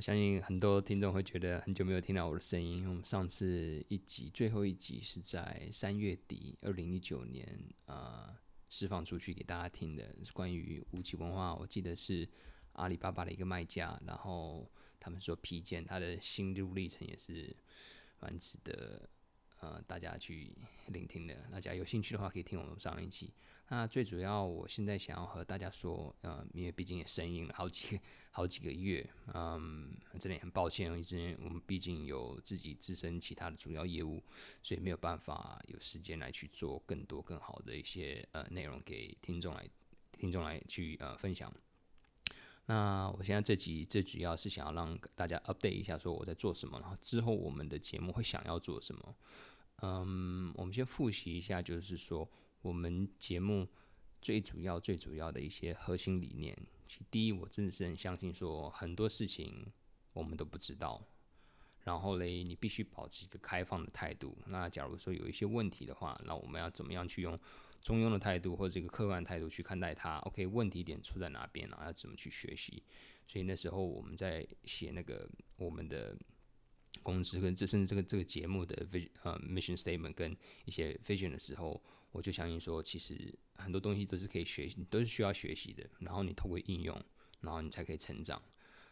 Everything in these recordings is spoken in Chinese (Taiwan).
相信很多聽眾會覺得很久沒有聽到我的聲音，因為我們上次一集、最後一集是在三月底2019年，二零一九年呃釋放出去給大家聽的，是關於無極文化，我記得是阿里巴巴的一個賣家，然後他們說皮件，他的心路歷程也是蠻值得呃大家去聆聽的，大家有興趣的話可以聽我們上一集。那最主要，我現在想要和大家說，呃，因為畢竟也生病了好幾個好幾個月，嗯，真的很抱歉，因為之前我們畢竟有自己自身其他的主要業務，所以沒有辦法有時間來去做更多更好的一些呃內容給聽眾來聽眾來去呃分享。那我現在這集最主要是想要讓大家 update 一下，說我在做什麼，然後之後我們的節目會想要做什麼。嗯，我們先複習一下，就是說。我們節目最主要、最主要的一些核心理念，其實第一，我真的是很相信說，很多事情我們都不知道。然後嘞，你必須保持一個開放的態度。那假如說有一些問題的話，那我們要怎麼樣去用中庸的態度或者這個客觀的態度去看待它？OK，問題點出在哪邊，然後啊，要怎麼去學習？所以那時候我們在寫那個我們的。公司跟這甚至這個這個節目的 vision, 呃 mission statement 跟一些 vision 的時候，我就相信說，其實很多東西都是可以學，都是需要學習的。然後你透過應用，然後你才可以成長。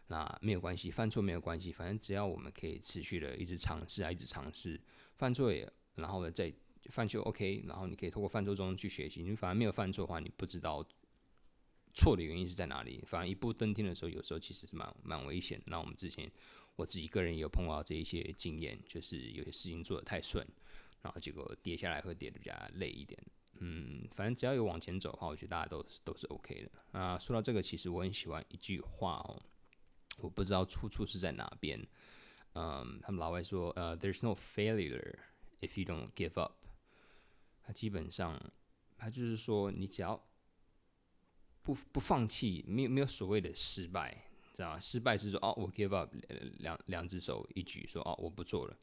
那沒有關係，犯錯沒有關係，反正只要我們可以持續的一直嘗試，一直嘗試，犯錯，也，然後呢再犯就 OK，然後你可以透過犯錯中去學習。你反而沒有犯錯的話，你不知道錯的原因是在哪裡。反而一步登天的時候，有時候其實是蠻蠻危險。那我們之前。我自己個人也有碰到這一些經驗，就是有些事情做得太順，然後結果跌下來會跌的比較累一點。嗯，反正只要有往前走的話，我覺得大家都都是 OK 的。那，啊，說到這個，其實我很喜歡一句話哦，我不知道出處是在哪邊。嗯，他們老外說，呃，uh, there's no failure if you don't give up。他基本上，他就是說，你只要不不放棄，沒有沒有所謂的失敗。吧？失敗是說哦，我 give up，兩兩隻手一舉說哦，我不做了，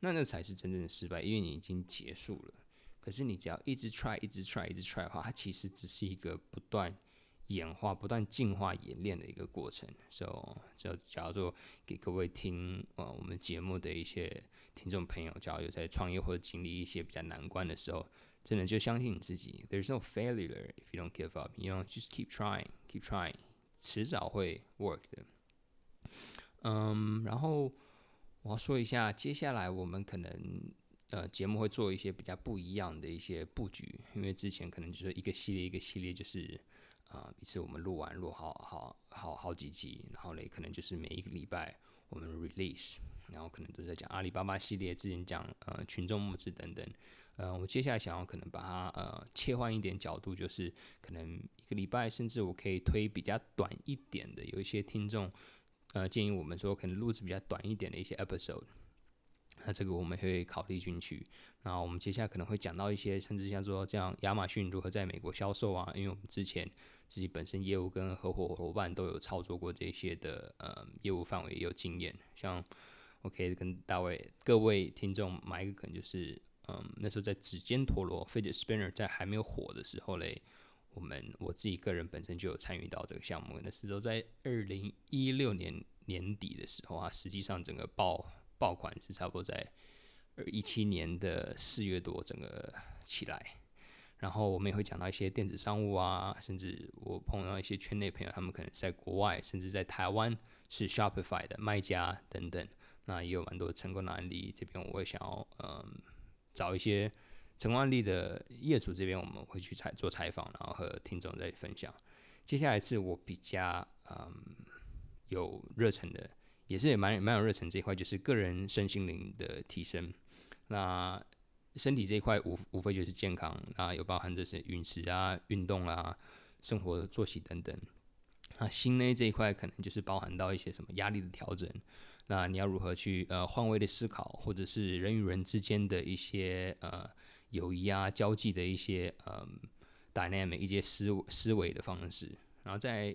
那那才是真正的失敗，因為你已經結束了。可是你只要一直 try，一直 try，一直 try 的話，它其實只是一個不斷演化、不斷進化、演練的一個過程。所以，就假如說給各位聽呃，我們節目的一些聽眾朋友，假如有在創業或者經歷一些比較難關的時候，真的就相信你自己，there's no failure if you don't give up，you know，just keep trying，keep trying keep trying. 遲早會 work 的，嗯、um，然後我要說一下，接下來我們可能呃節目會做一些比較不一樣的一些布局，因為之前可能就是一個系列一個系列，就是啊、呃，一次我們錄完錄好好好好好幾集，然後嘞可能就是每一個禮拜我們 release，然後可能都在講阿里巴巴系列，之前講呃群眾募資等等。呃，我接下來想要可能把它呃切換一點角度，就是可能一個禮拜甚至我可以推比較短一點的。有一些聽眾呃建議我們說，可能錄製比較短一點的一些 episode，那、啊、這個我們可以考慮進去。那我們接下來可能會講到一些，甚至像說像亞馬遜如何在美國銷售啊，因為我們之前自己本身業務跟合夥合夥伴都有操作過這些的呃業務範圍也有經驗。像 OK，跟大衛各位聽眾買一個可能就是。嗯，那時候在指尖陀螺 （Fidget Spinner） 在還沒有火的時候嘞，我們我自己個人本身就有參與到這個項目。那時候在二零一六年年底的時候啊，實際上整個爆爆款是差不多在二一七年的四月多整個起來。然後我們也會講到一些電子商務啊，甚至我碰到一些圈內朋友，他們可能是在國外，甚至在台灣是 Shopify 的賣家等等。那也有蠻多成功的案例，這邊我也想要嗯。找一些成功案例的業主這邊，我們會去採做採訪，然後和聽眾再分享。接下來是我比較嗯有熱忱的，也是蠻蠻有熱忱的這一塊，就是個人身心靈的提升。那身體這一塊無無非就是健康啊，那有包含這些飲食啊、運動啊、生活作息等等。那心內這一塊可能就是包含到一些什麼壓力的調整，那你要如何去呃換位的思考，或者是人與人之間的一些呃友誼啊、交際的一些呃 dynamic 一些思思維的方式。然後在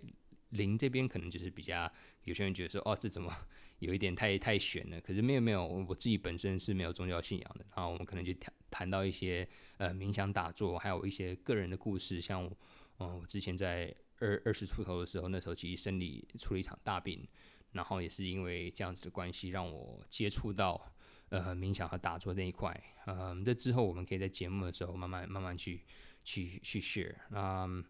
靈這邊可能就是比較有些人覺得說哦，這怎麼有一點太太玄了？可是沒有沒有，我自己本身是沒有宗教信仰的。然後我們可能就談談到一些呃冥想、打坐，還有一些個人的故事，像嗯我，呃，我之前在。二二十出頭的時候，那時候其實生理出了一場大病，然後也是因為這樣子的關係，讓我接觸到呃冥想和打坐的那一塊。嗯，這之後我們可以在節目的時候慢慢慢慢去去去 share。那、嗯、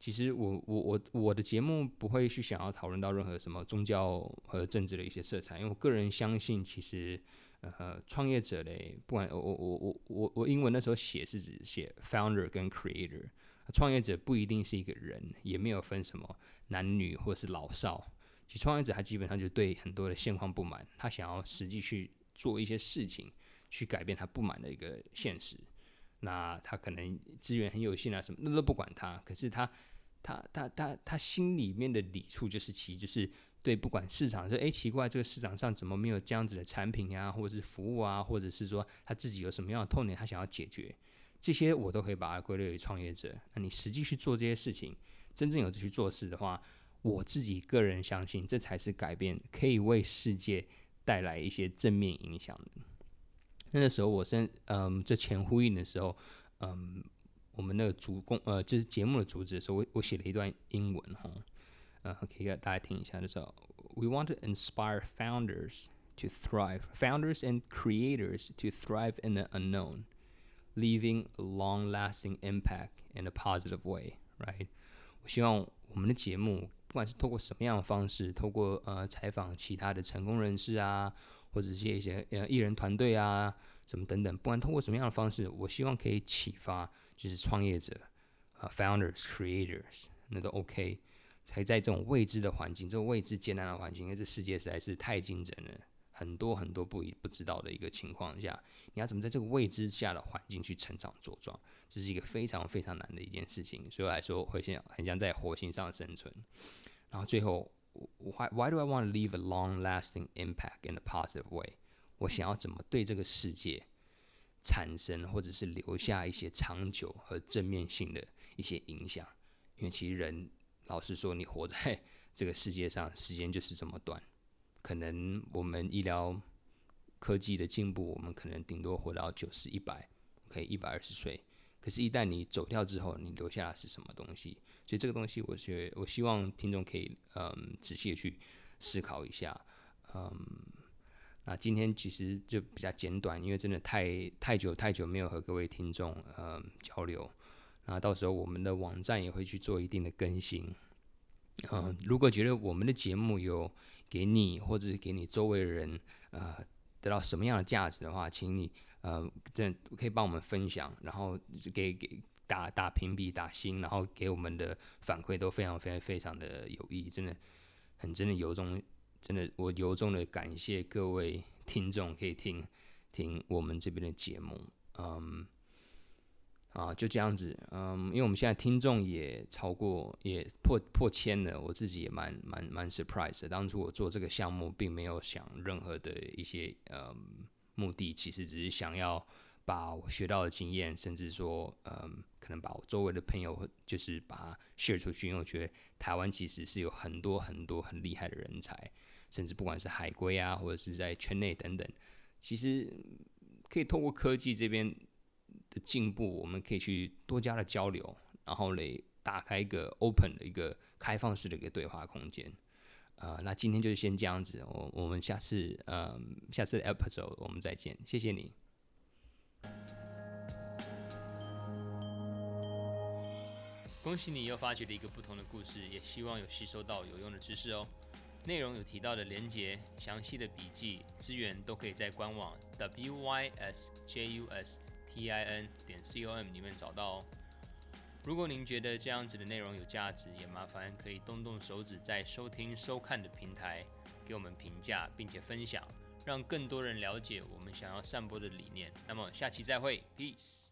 其實我我我我的節目不會去想要討論到任何什麼宗教和政治的一些色彩，因為我個人相信，其實呃，創業者嘞，不管我我我我我我英文那時候寫是指寫 founder 跟 creator。創業者不一定是一個人，也沒有分什麼男女或是老少。其實創業者他基本上就對很多的現況不滿，他想要實際去做一些事情，去改變他不滿的一個現實。那他可能資源很有限啊，什麼那都不管他。可是他，他，他，他，他心裡面的理處就是其實就是對不管市場說，哎，奇怪，這個市場上怎麼沒有這樣子的產品啊，或者是服務啊，或者是說他自己有什麼樣的痛點，他想要解決。這些我都可以把它歸類為創業者。那你實際去做這些事情，真正有這去做事的話，我自己個人相信，這才是改變，可以為世界帶來一些正面影響。那那時候我是嗯，這前呼應的時候，嗯，我們的主攻呃，就是節目的主旨的時候，所以我我寫了一段英文哈，嗯，可以給大家聽一下。那時候，We want to inspire founders to thrive, founders and creators to thrive in the unknown. Leaving a long-lasting impact in a positive way, right？我希望我們的節目，不管是通過什麼樣的方式，通過呃採訪其他的成功人士啊，或者是一些呃藝人團隊啊，什麼等等，不管通過什麼樣的方式，我希望可以啟發就是創業者啊、呃、，founders, creators，那都 OK。才在這種未知的環境，這種未知艱難的環境，因為這世界實在是太競爭了。很多很多不不不知道的一個情況下，你要怎麼在這個未知下的環境去成長茁壯，這是一個非常非常難的一件事情。所以我來說，會想很像在火星上生存。然後最後，Why Why do I want to leave a long-lasting impact in a positive way？我想要怎麼對這個世界產生或者是留下一些長久和正面性的一些影響？因為其實人老實說，你活在這個世界上，時間就是這麼短。可能我們醫療科技的進步，我們可能頂多活到九十、一百，OK，一百二十歲。可是，一旦你走掉之後，你留下的是什麼東西？所以，這個東西，我覺，我希望聽眾可以，嗯，仔細的去思考一下。嗯，那今天其實就比較簡短，因為真的太太久太久沒有和各位聽眾，嗯，交流。那到時候我們的網站也會去做一定的更新。嗯，如果覺得我們的節目有給你或者是給你周圍的人，啊、呃，得到什麼樣的價值的話，請你呃，真的可以幫我們分享，然後給給打打評比打星，然後給我們的反饋都非常非常非常的有益，真的，很真的由衷，真的我由衷的感謝各位聽眾可以聽聽我們這邊的節目，嗯。啊，就這樣子，嗯，因為我們現在聽眾也超過，也破破千了，我自己也蠻蠻蠻 surprise 的。當初我做這個項目，並沒有想任何的一些呃、嗯、目的，其實只是想要把我學到的經驗，甚至說，嗯，可能把我周圍的朋友，就是把它 share 出去，因為我覺得台灣其實是有很多很多很厲害的人才，甚至不管是海歸啊，或者是在圈內等等，其實可以透過科技這邊。的進步，我們可以去多加的交流，然後來打開一個 open 的一個開放式的一個對話空間。啊、呃，那今天就先這樣子，我我們下次，嗯、呃，下次的 episode 我們再見，謝謝你。恭喜你又發掘了一個不同的故事，也希望有吸收到有用的知識哦。內容有提到的連接、詳細的筆記、資源都可以在官網 W Y S J U S。e i n 點 c o m 裡面找到哦。如果您覺得這樣子的內容有價值，也麻煩可以動動手指，在收聽收看的平台給我們評價，並且分享，讓更多人了解我們想要散播的理念。那麼下期再會，Peace。